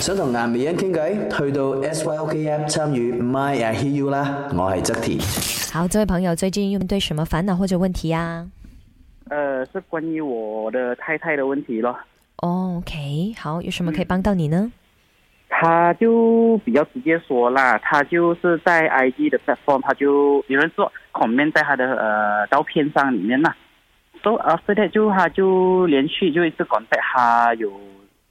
想同南美人傾偈，去到 SYHK、OK、a 參與 My、ah、I Hear You 啦，我係則田。好，這位朋友最近面對什麼煩惱或者問題啊？呃，是關於我的太太的問題咯。哦、OK，好，有什麼可以幫到你呢？嗯、他就比較直接說啦，他就是在 IG 的 platform，他就有人說 comment 在他的誒、呃、照片上裏面啦，so after that 就他就連續就一直 contact 他有。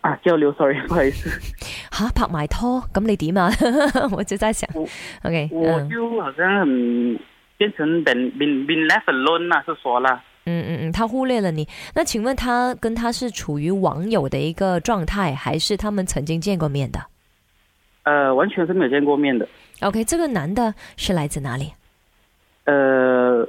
啊，交流，sorry，唔好意思拍埋拖，咁你點啊？我只齋成，O K，我就好似變成 been been been left alone 嗯嗯嗯，他忽略了你。那請問他跟他是處於網友的一個狀態，還是他們曾經見過面的？呃，完全是沒有見過面的。Okay，這個男的是來自哪裏？呃。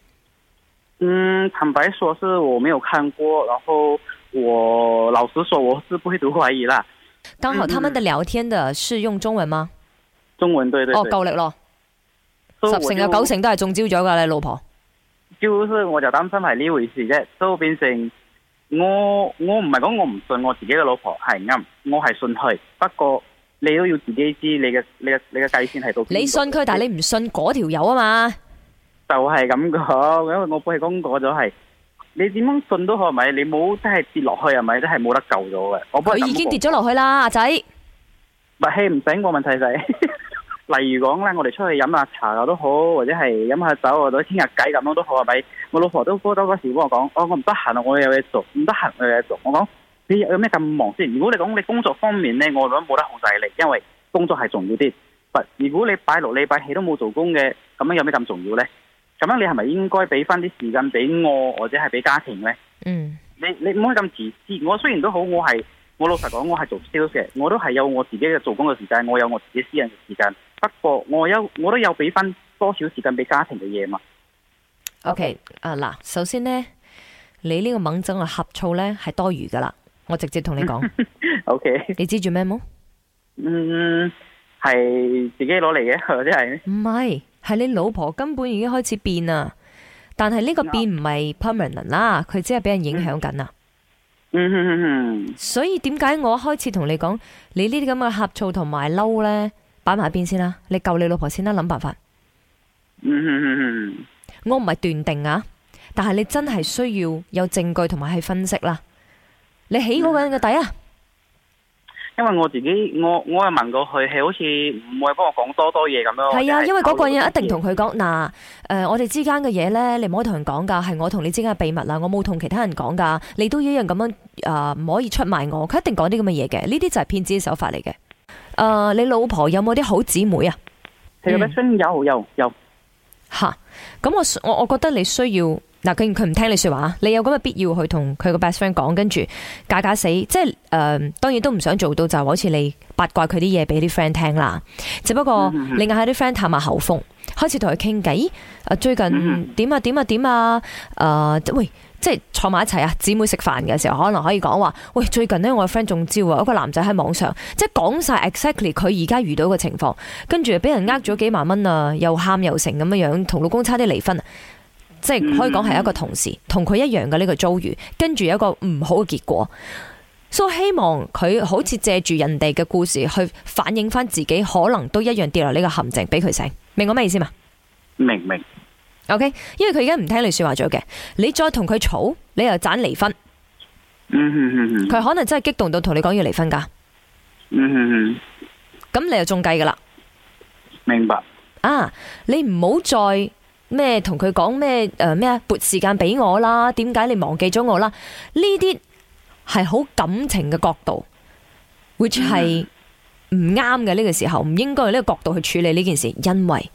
嗯，坦白說是我沒有看過，然後我老實說我是不會多懷疑啦。剛好他們的聊天的是用中文嗎？嗯、中文對對對，哦夠力咯，所以十成有九成都係中招咗噶你老婆。就是我就擔心係呢回事啫，都變成我我唔係講我唔信我自己嘅老婆係啱，我係信佢。不過你都要自己知你嘅你嘅你嘅界線係到。你，你，你信佢，但係你唔信嗰條友啊嘛。就係咁講，因為我背去講過咗、就、係、是，你點樣信都好係咪？你冇真係跌落去係咪？真係冇得救咗嘅。佢已經跌咗落去啦，阿仔，默氣唔醒冇問題、就是。就 例如講咧，我哋出去飲下茶都好，或者係飲下酒或者傾下偈咁咯都好係咪？我老婆都嗰嗰時幫我講，我唔得閒啊，我有嘢做，唔得閒我有嘢做。我講你有咩咁忙先？如果你講你工作方面咧，我諗冇得控制力，因為工作係重要啲。如果你拜六禮拜氣都冇做工嘅，咁樣有咩咁重要咧？咁樣你係咪應該俾翻啲時間俾我或者係俾家庭呢？嗯，你你唔可以咁自私。我雖然都好，我係我老實講，我係做 sales 嘅。我都係有我自己嘅做工嘅時間，我有我自己私人嘅時間。不過我有我都有俾翻多少時間俾家庭嘅嘢嘛。OK，okay 啊嗱，首先呢，你呢個猛增嘅呷醋呢，係多餘噶啦，我直接同你講。 OK，你知住咩冇？嗯，係自己攞嚟嘅，或者係？唔係。係你老婆根本已經開始變啦，但係呢個變唔係 permanent 啦，佢只係俾人影響緊啊。 所以點解我開始同你講，你呢啲咁嘅呷醋同埋嬲呢，擺埋邊先啦，你救你老婆先啦，諗辦法。 我唔係斷定啊，但係你真係需要有證據同埋係分析啦，啊。你起嗰個人嘅底啊！因為我自己，我我係問過佢，係好似唔會幫我講多多嘢咁咯。係啊，東西因為嗰個人一定同佢講，嗱，誒、呃，我哋之間嘅嘢咧，你唔可以同人講噶，係我同你之間嘅秘密啦，我冇同其他人講噶，你都一樣咁樣，誒、呃，唔可以出賣我。佢一定講啲咁嘅嘢嘅，呢啲就係騙子嘅手法嚟嘅。誒、呃，你老婆有冇啲好姊妹啊？有咩先有有有。吓，咁我我我覺得你需要。嗱，佢佢唔聽你說話，你有咁嘅必要去同佢個 best friend 講，跟住假假死，即係誒、呃，當然都唔想做到就，好似你八卦佢啲嘢俾啲 friend 聽啦。只不過另外喺啲 friend 探下口風，開始同佢傾偈。最近點啊點啊點啊，誒、呃，喂，即係坐埋一齊啊，姊妹食飯嘅時候，可能可以講話，喂，最近呢，我 friend 中招啊，一個男仔喺網上即係講晒 exactly 佢而家遇到嘅情況，跟住俾人呃咗幾萬蚊啊，又喊又成咁樣樣，同老公差啲離婚。即係可以講係一個同事，同佢一樣嘅呢個遭遇，跟住有一個唔好嘅結果。所以希望佢好似借住人哋嘅故事去反映返自己，可能都一樣跌落呢個陷阱，俾佢醒。明我咩意思嘛？明明。O、okay? K，因為佢而家唔聽你說話咗嘅，你再同佢吵，你又盞離婚。佢、嗯嗯嗯嗯、可能真係激動到同你講要離婚噶。咁、嗯嗯嗯、你又中計噶啦？明白。啊，你唔好再。咩同佢講咩誒咩啊撥時間俾我啦？點解你忘記咗我啦？呢啲係好感情嘅角度、mm hmm.，which 係唔啱嘅呢個時候，唔應該用呢個角度去處理呢件事，因為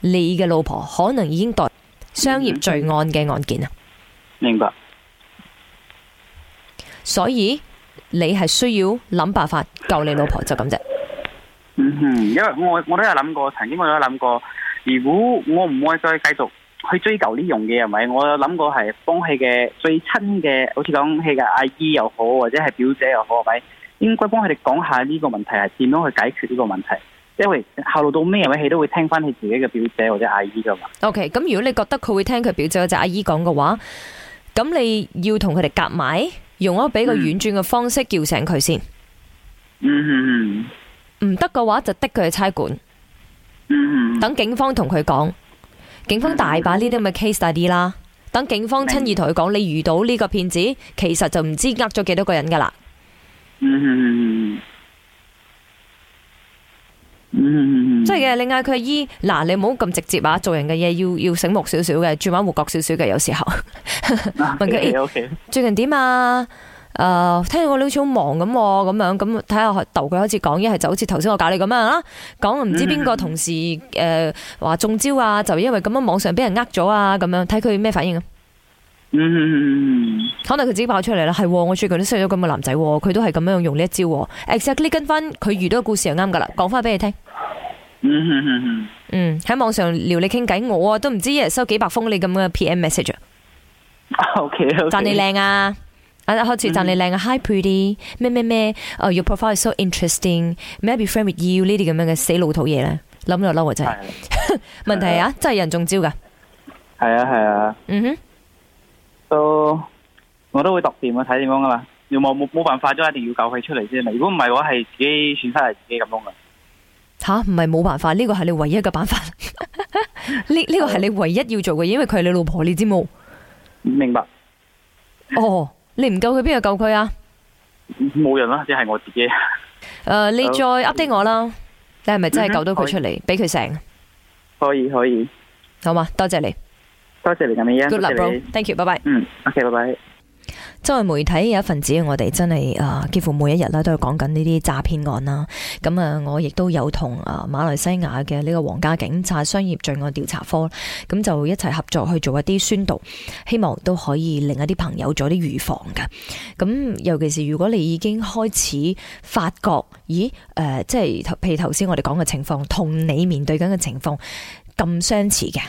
你嘅老婆可能已經代商業罪案嘅案件啊。明白、mm。Hmm. 所以你係需要諗辦法救你老婆就，就咁啫。因、hmm. 為我我都有諗過，曾經我都有諗過。如果我唔會再繼續去追求呢樣嘢，係咪？我有諗過係幫佢嘅最親嘅，好似講佢嘅阿姨又好，或者係表姐又好，係咪？應該幫佢哋講下呢個問題係點樣去解決呢個問題？因為後路到咩位，佢都會聽翻佢自己嘅表姐或者阿姨嘅話。OK，咁如果你覺得佢會聽佢表姐或者阿姨講嘅話，咁你要同佢哋夾埋，用一個比較婉轉嘅方式叫醒佢先嗯。嗯，唔得嘅話就的佢去差館。等警方同佢講，警方大把呢啲咁嘅 case 大啲啦。等警方親意同佢講，你遇到呢個騙子，其實就唔知呃咗幾多個人噶啦。即係嘅，你嗌佢阿姨嗱，你唔好咁直接啊，做人嘅嘢要要醒目少少嘅，轉彎活角少少嘅，有時候問佢，最近點呀？誒，uh, 聽住我你好似好忙咁，咁樣咁睇下，逗佢開始講。一係就好似頭先我教你咁樣啦，講唔知邊個同事誒話中招啊，就因為咁樣網上俾人呃咗啊，咁樣睇佢咩反應啊？Mm hmm. 可能佢自己爆出嚟啦。係、mm hmm. 我最近都收咗咁嘅男仔，佢都係咁樣用呢一招。Exactly 跟翻佢遇到嘅故事係啱噶啦，講翻俾你聽。Mm hmm. 嗯，喺網上聊你傾偈，我都唔知一日收幾百封你咁嘅 PM message。Okay, 讚你靚啊！好像你啊，好似讚你靚嘅 Hi Pretty，咩咩咩，Your profile is so interesting，May I be friend with you 呢啲咁樣嘅死老土嘢咧，諗嚟諗去真係，的 問題啊是，的真係人中招噶，係啊係啊，嗯哼，都、so, 我都會讀掂啊，睇點樣噶嘛，有冇冇冇辦法，都一定要救佢出嚟先啊，如果唔係嘅話係自己損失係自己咁樣噶，吓唔係冇辦法，呢個係你唯一嘅辦法，呢呢個係你唯一要做嘅，因為佢係你老婆，你知冇？明白，哦。Oh. 你唔救佢邊度救佢啊？冇人啦，只係我自己。誒、呃，你再 update 我啦。Uh、huh, 你係咪真係救到佢出嚟？俾佢成。可以可以。好嘛，多謝你。多謝你咁晚，Good luck, bro. Thank you. 拜拜。Bye. 嗯，OK，拜拜。Bye. 作為媒體有一份子，我哋真係誒，幾乎每一日都係講緊呢啲詐騙案啦。咁啊，我亦都有同誒馬來西亞嘅呢個皇家警察商業罪案調查科咁就一齊合作去做一啲宣導，希望都可以令一啲朋友做啲預防嘅。咁尤其是如果你已經開始發覺，咦誒、呃，即係譬如頭先我哋講嘅情況，同你面對緊嘅情況咁相似嘅，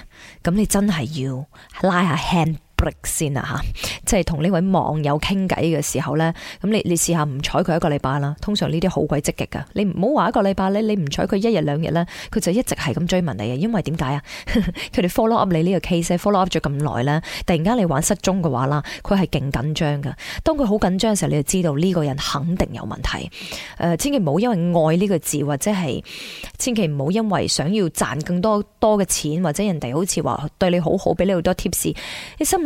咁你真係要拉下 hand。先啊吓，即係同呢位網友傾偈嘅時候呢，咁你你試下唔睬佢一個禮拜啦。通常呢啲好鬼積極噶，你唔好話一個禮拜咧，你唔睬佢一日兩日呢，佢就一直係咁追問你啊。因為點解啊？佢 哋 follow up 你呢個 case，follow up 咗咁耐啦，突然間你玩失蹤嘅話啦，佢係勁緊張噶。當佢好緊張嘅時候，你就知道呢個人肯定有問題。誒、呃，千祈唔好因為愛呢個字，或者係千祈唔好因為想要賺更多多嘅錢，或者人哋好似話對你好好，俾你好多 tips，你心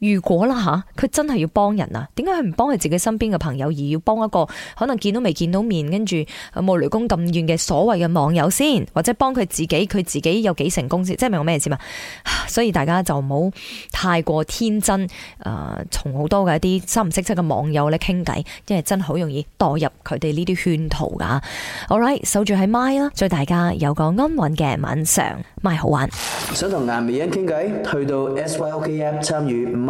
如果啦吓，佢、啊、真係要幫人啊，點解佢唔幫佢自己身邊嘅朋友，而要幫一個可能見到未見到面，跟住冇雷公咁遠嘅所謂嘅網友先，或者幫佢自己，佢自己有幾成功先，即係明我咩意思嘛？所以大家就唔好太過天真，誒、呃，同好多嘅一啲三唔識七嘅網友咧傾偈，因為真好容易墮入佢哋呢啲圈套噶。All right，守住喺麥啦，祝大家有個安穩嘅晚上，咪好玩。想同顏美欣傾偈，去到 SYOKM 參與。